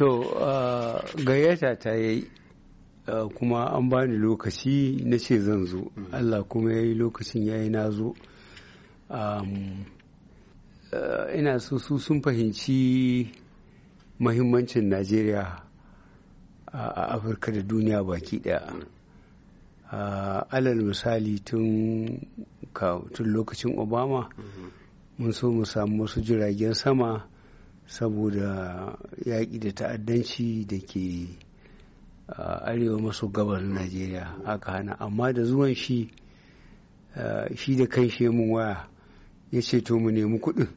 to gayyata ta yi kuma an bani lokaci na ce zan zo mm-hmm. allah kuma ya yi lokacin ya yi na zo ina so su sun fahimci mahimmancin najeriya a afirka da duniya baki daya mm-hmm. alal misali tun lokacin obama mm-hmm. mun so mu samu wasu jiragen sama saboda yaƙi da ta'addanci da ke arewa maso gabar najeriya aka hana amma da zuwan shi shi da kan mun waya ya ceto mu nemi kuɗin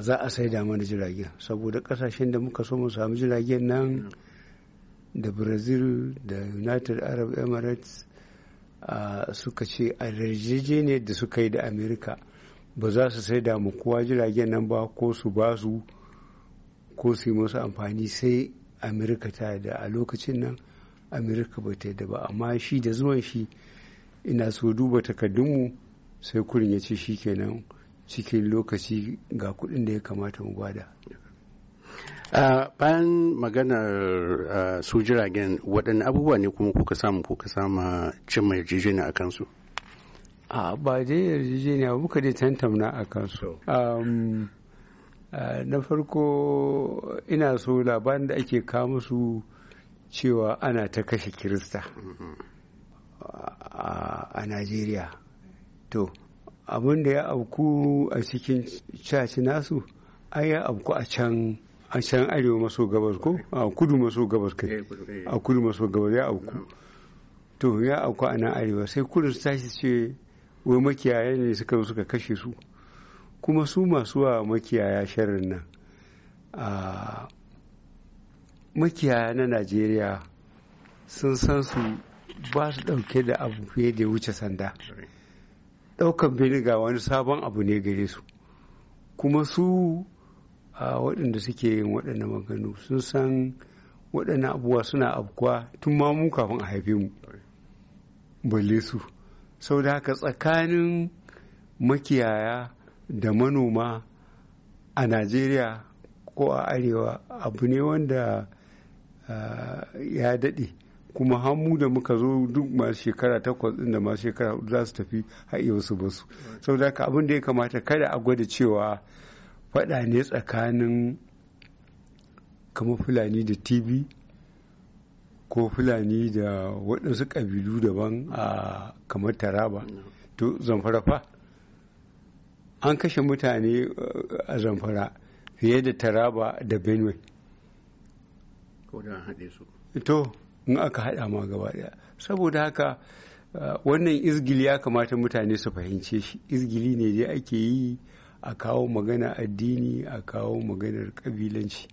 za a sai da mana jiragen saboda ƙasashen da muka so mu samu jiragen nan da brazil da united arab emirates suka ce a ne da suka yi da america ba za su sai damu kowa jiragen nan ba ko su ba su ko su yi musu amfani sai amurka ta da a lokacin nan amurka ba ta da ba amma shi da zuwan shi ina so duba takardunmu sai kurin ya ce shi kenan cikin lokaci ga kuɗin da ya kamata mu bada bayan maganar su jiragen waɗanne abubuwa ne kuma kuka samu kuka sama cimma mai yarjejeniya a kansu a ba je yarjejeniya ba muka dai tantamna a kansu um, na farko ina so labarin da ake kama su cewa ana ta kashe kirista a najeriya to abin da ya auku a cikin caci nasu ai ya auku a can a can arewa maso gabas ko a kudu maso gabas kai eh, eh. a kudu maso gabas ya auku to ya auku a nan arewa sai kudu tashi ce wai makiyaya ne suka suka kashe su kuma su masu wa makiyaya sharrin nan a makiyaya na najeriya sun san su ba su ɗauke da abu fiye da wuce sanda ɗaukan ga wani sabon abu ne gare su kuma su a waɗanda suke yin waɗannan maganu sun san waɗannan abubuwa suna abkuwa tun ma mu kafin a haife mu balle su sau da haka tsakanin makiyaya da manoma a najeriya ko a arewa abu ne wanda ah, ya daɗe kuma hamu da muka zo duk masu shekara takwas ɗin da masu shekara za su tafi haɗe wasu basu sau da haka abin da ya kamata kada a gwada cewa faɗa ne tsakanin kamar fulani da tv ko fulani da waɗansu ƙabilu daban a kamar taraba to zamfara fa an kashe mutane uh, a zamfara fiye da taraba da benue to in aka haɗa ma gaba ɗaya saboda haka uh, wannan izgili ya kamata mutane su fahimce shi izgili ne dai ake yi a kawo magana addini a kawo maganar ƙabilanci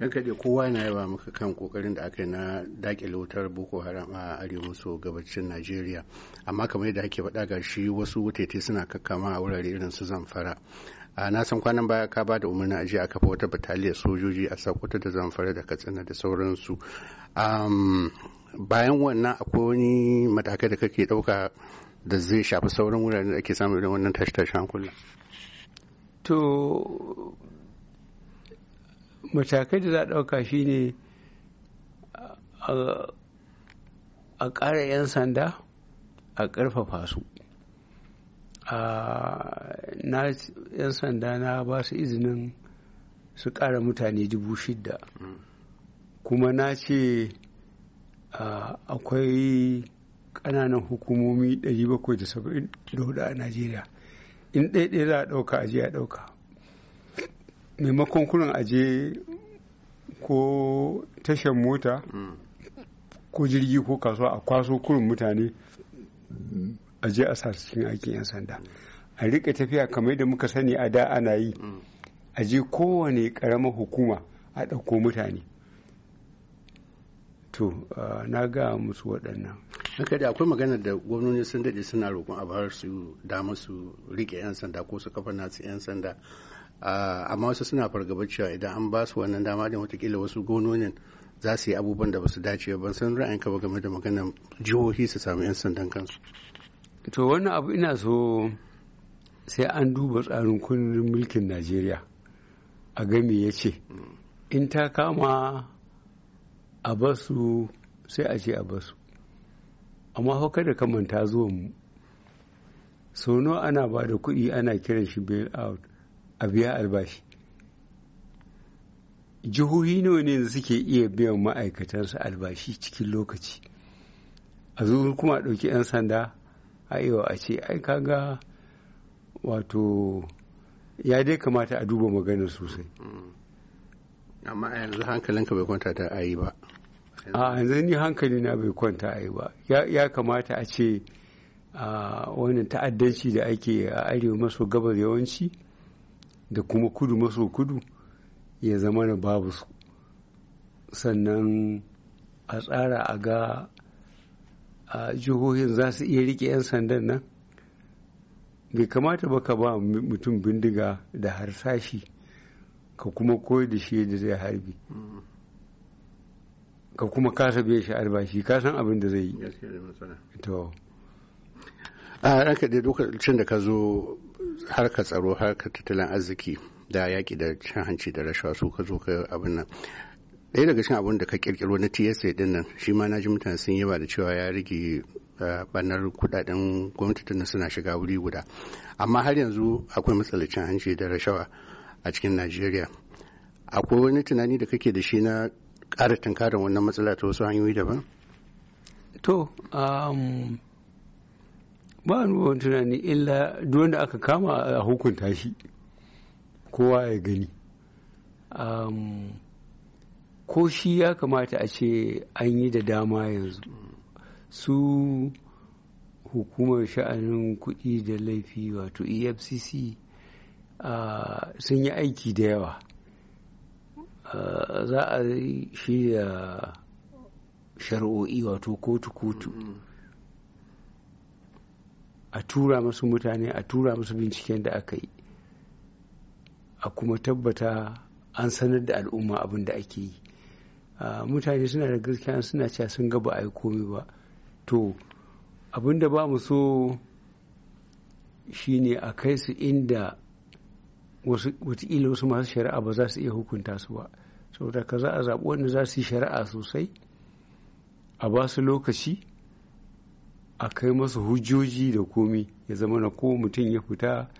ranka kaɗe, kowa yana yaba maka kan kokarin da aka yi na dakile wutar boko haram a arewa maso gabacin najeriya amma kamar yadda ake faɗa ga shi wasu wutete suna kakkama a wurare irin su zamfara a na san kwanan baya ka ba da umarnin ajiya aka kafa wata bataliyar sojoji a sakkwato da zamfara da katsina da sauransu bayan wannan akwai wani matakai da kake ɗauka da zai shafi sauran wuraren da ake samun irin wannan tashi-tashi hankula matakai da za a ɗauka shine a ƙara 'yan sanda a ƙarfafa su na 'yan sanda na ba su izinin su ƙara mutane dubu shida hmm. kuma na ce akwai ƙananan hukumomi 774 a najeriya in ɗaiɗaya za a ɗauka a je a ɗauka maimakon kurin aje ko tashar mota ko jirgi ko kasuwa a kwaso kurin mutane aje a sa cikin aikin 'yan sanda a rika tafiya kamar da muka sani a da ana yi aje kowane karamar hukuma a ɗauko mutane to na ga musu waɗannan haka da akwai magana da gwamnoni sun daɗe suna roƙon a bar su damar su rike 'yan sanda ko su kafa nasu 'yan sanda Ah, amma wasu suna fargaba cewa idan an ba su wannan dama da watakila wasu gononin za su yi abubuwan da ba su dace ba san ra'ayin ka ba game da maganar jihohi su samu 'yan sandan kansu to wannan abu ina so sai an duba tsarin kundin mulkin najeriya a game ya ce in ta kama a basu sai a ce a basu amma hau kada ka manta zuwan mu sau nawa ana ba da kuɗi ana kiran shi bail out a biya albashi jihohi nawa ne da suke iya biyan ma'aikatansu albashi cikin lokaci a zuwa kuma ɗauki 'yan sanda a iya a ce ai kaga wato ya dai kamata a duba maganar sosai mm. amma yanzu hankalinka bai kwanta ta ayi ba a yanzu ni hankali na bai kwanta ayi ba ya kamata a ce wannan ta'addanci da ake a arewa maso gabar yawanci da kuma kudu maso kudu ya zama na babu su sannan a tsara a ga a jihohin za su iya rike 'yan sandan nan bai kamata ba ka ba mutum bindiga da harsashi ka kuma koyar da shi da zai harbi ka kuma kasa biya shi albashi ka san abin da zai yi to a ranka da lokacin da ka zo harkar tsaro harkar tattalin arziki da yaƙi da cin hanci da rashawa su ka zo ka abin nan ɗaya daga cikin abin da ka kirkiro na tsa din nan shi ma na ji mutane sun yaba da cewa ya rage banar eh, kuɗaɗen gwamnati tana suna shiga wuri guda amma har yanzu akwai matsalar cin hanci da rashawa a cikin najeriya akwai wani tunani da kake da shi na ƙara tunkarin wannan matsala ta wasu hanyoyi daban to um, ba wani tunani illa duk wanda aka kama a hukunta shi kowa ya gani ko shi ya kamata a ce an yi da dama yanzu su hukumar sha'anin kuɗi da laifi wato efcc sun yi aiki da yawa za a shirya shari'o'i wato kotu-kotu mm-hmm. a tura masu mutane a tura masu binciken da aka yi a kuma tabbata an sanar da al'umma abin da ake yi mutane suna da gaskiya suna cewa sun gaba a yi komai ba to abin da ba mu so shine a kai su inda wataƙila wasu masu shari'a ba za su iya hukunta su ba saboda ka za a zaɓi wanda za su yi shari'a sosai a ba su lokaci a kai masa hujjoji da komi ya zama na ko mutum ya fita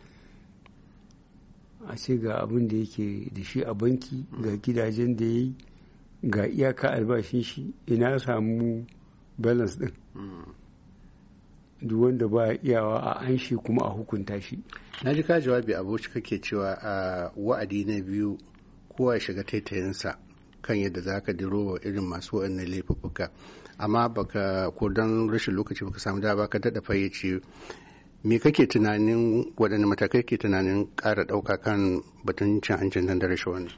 a ce ga abin da yake da shi a banki ga gidajen da ya yi ga iyaka albashin shi ina samu balance din duk wanda ba iyawa a an shi kuma a hukunta shi na ji ka jawabi aboci kake cewa a wa'adi na biyu kowa ya shiga taitayinsa kan yadda za ka diro wa irin masu waɗannan laifuffuka amma baka ko don rashin lokaci baka samu da ka daɗa fayyace me kake tunanin waɗanne matakai ke tunanin ƙara ɗauka kan batun cin hancin nan da rashin wani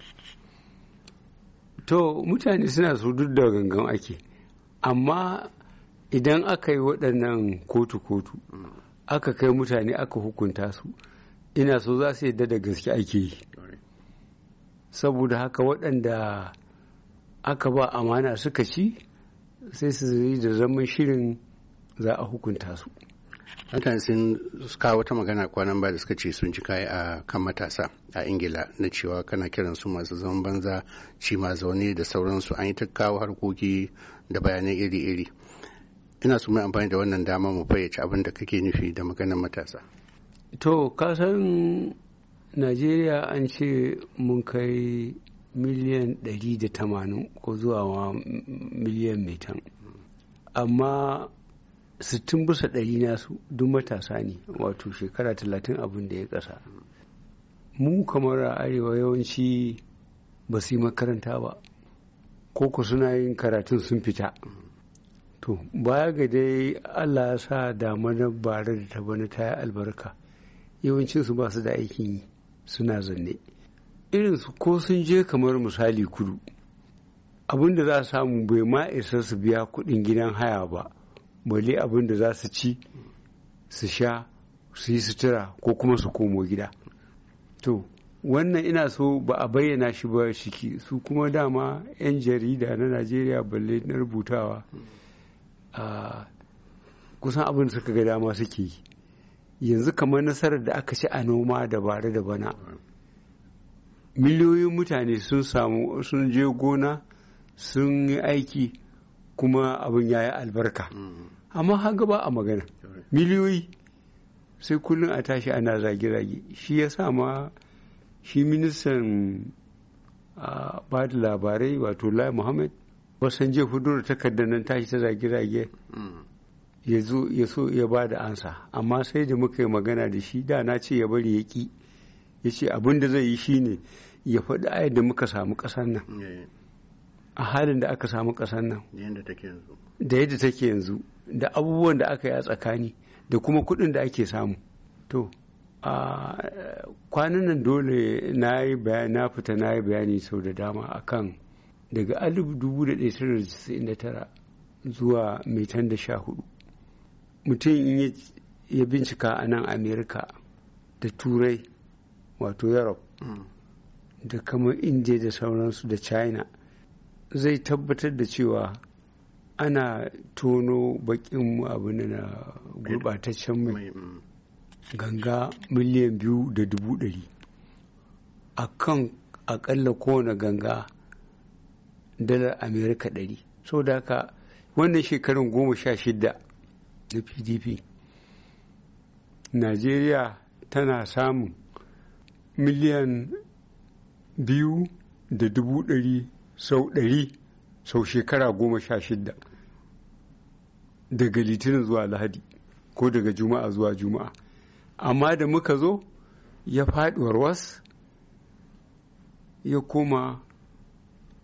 to mutane suna su duk da gangan ake amma idan aka yi waɗannan kotu-kotu aka kai mutane aka hukunta su ina so za su yadda da gaske ake yi saboda haka waɗanda aka ba amana suka ci sai su yi da zaman shirin za a hukunta su mutane sun kawo wata magana kwanan ba da suka ce sun ci kai a kan matasa a ingila na cewa kana kiran su masu zaman banza ci ma zaune da sauransu an yi ta kawo harkoki da bayanai iri-iri ina su mai amfani da wannan dama mu fayyace abin da kake nufi da maganar matasa to kasan najeriya an ce mun kai miliyan 180 ko zuwa miliyan metan amma 60 bisa ɗari nasu duk matasa ne wato shekara 30 abin da ya kasa mu kamar a arewa yawanci ba su yi makaranta ba ku suna yin karatun sun fita to baya ga dai allah ya sa damanar barar da ta bana ta yi albarka yawancinsu ba su da aikin yi suna zanne irin su ko sun je kamar misali kudu abin da za samu bai ma isa su biya kuɗin gidan haya ba bale abin da za su ci su sha su yi sutura ko kuma su komo gida to wannan ina so ba a bayyana shi ba shiki su kuma dama 'yan jarida na najeriya balle na rubutawa a kusan abin da suka ga dama suke yi yanzu kamar nasarar da aka ci a noma da bare da bana miliyoyin mutane sun samu sun je gona sun yi aiki kuma abin ya yi albarka mm. amma haka ba a magana miliyoyi sai kullum a tashi ana zage-zage shi ya sa ma shi ministan ba da labarai wato lai muhammad wasan je hudu da takardar nan tashi ta zage-zage mm. ya zo ya so ya ba da ansa amma sai da muka yi magana da shi da na ce ya bari ya ki ya ce abin da zai yi shine ya faɗi a da muka samu ƙasar nan eh. a halin da aka samu ƙasar nan da yadda take yanzu da abubuwan da aka yi a tsakani da kuma kuɗin da ake samu to a kwanan nan dole na yi na fita na yi bayani sau da dama akan daga 1999 zuwa mai tan da sha hudu mutum in ya bincika a nan amerika da turai wato europe mm. da kamar india da sauransu da china zai tabbatar da cewa ana tono bakin abin na gurbataccen mai mm. ganga miliyan biyu da dubu ɗari a kan akalla kowane ganga dalar amerika ɗari sau da haka wannan shekarun goma sha shida na pdp najeriya tana samun miliyan biyu da dubu ɗari sau ɗari sau shekara goma sha shidda daga litinin zuwa lahadi ko daga juma'a zuwa juma'a amma da muka zo ya faɗi warwas ya koma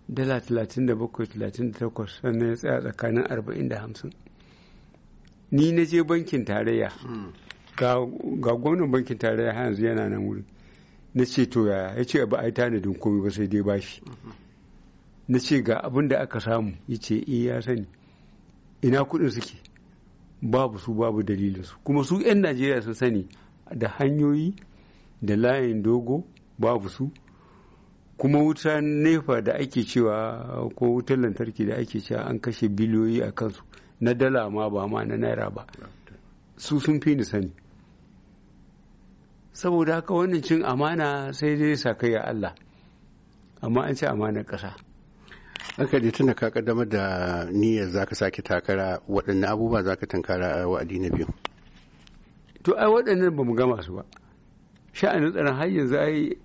dala da takwas sannan ya tsaya tsakanin arba'in da hamsin ni na je bankin tarayya hmm. ga gwamnan bankin tarayya yanzu yana nan wuri. na ce to yaya ya ce ba a yi tanadin komai ba sai dai bashi na ce ga abin da aka samu ya ce eh ya sani ina kuɗin suke babu su babu dalilinsu kuma su 'yan najeriya sun sani da hanyoyi da layin dogo babu su kuma wuta nefa da ake cewa ko wutar lantarki da ake cewa an kashe biliyoyi a kansu na dala ma ba ma na naira ba su sun fi ni sani saboda haka wannan cin amana sai dai sa sakayya Allah amma an ci amanar ƙasa aka je tana ka kaddamar da niyyar za ka sake takara waɗanne abubuwa za ka tankara a wa'adi na biyu to ai waɗannan ba mu gama su ba sha'anin tsaron har yanzu ai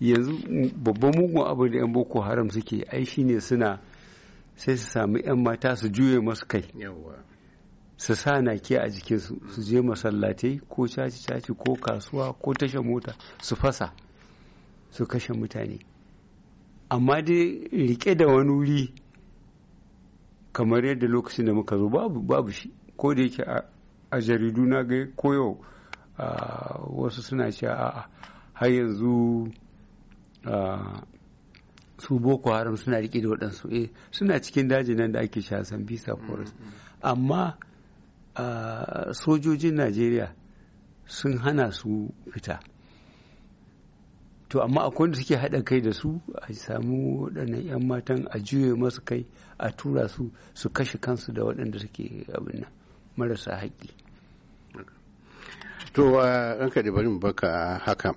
yanzu babban mugun abu da 'yan boko haram suke ai ne suna sai su sami 'yan mata su juye masu kai su sa nake a jikin su je masallatai ko caci caci ko kasuwa ko tashe mota su fasa su kashe mutane amma dai rike da wani wuri kamar yadda lokacin da muka zo babu babu shi ko da yake a jaridu na ga koyo wasu suna cewa a'a har yanzu su boko haram suna rike da waɗansu eh, suna cikin dajin nan da ake shasan bisa forest mm-hmm. amma a sojojin najeriya sun hana su fita to amma akwai da suke haɗa kai da su a samu waɗannan 'yan matan a juye masu kai a tura su su kashe kansu da waɗanda suke abin nan marasa haƙƙi to an da bari baka haka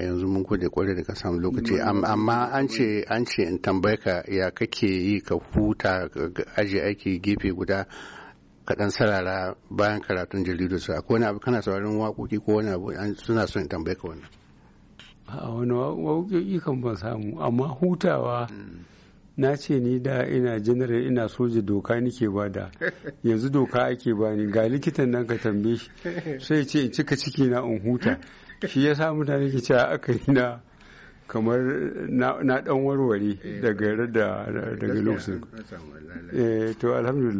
yanzu mun gode kwarai da ka samu lokaci amma an ce in tambaye ka ya kake yi ka huta aji aiki gefe guda kaɗan sarara bayan karatun jaridu su akwai wani abu kana sauraron waƙoƙi ko wani abu suna son tambaye ka wani. a wani waƙoƙi kan ban samu amma hutawa hmm. na ce ni da ina general ina soja doka nike ba da yanzu doka ake ba ni ga likitan nan ka tambaye shi sai ce in cika ciki na in huta shi ya sa mutane ke cewa aka yi na kamar na dan warware eh. daga daga lokacin eh, to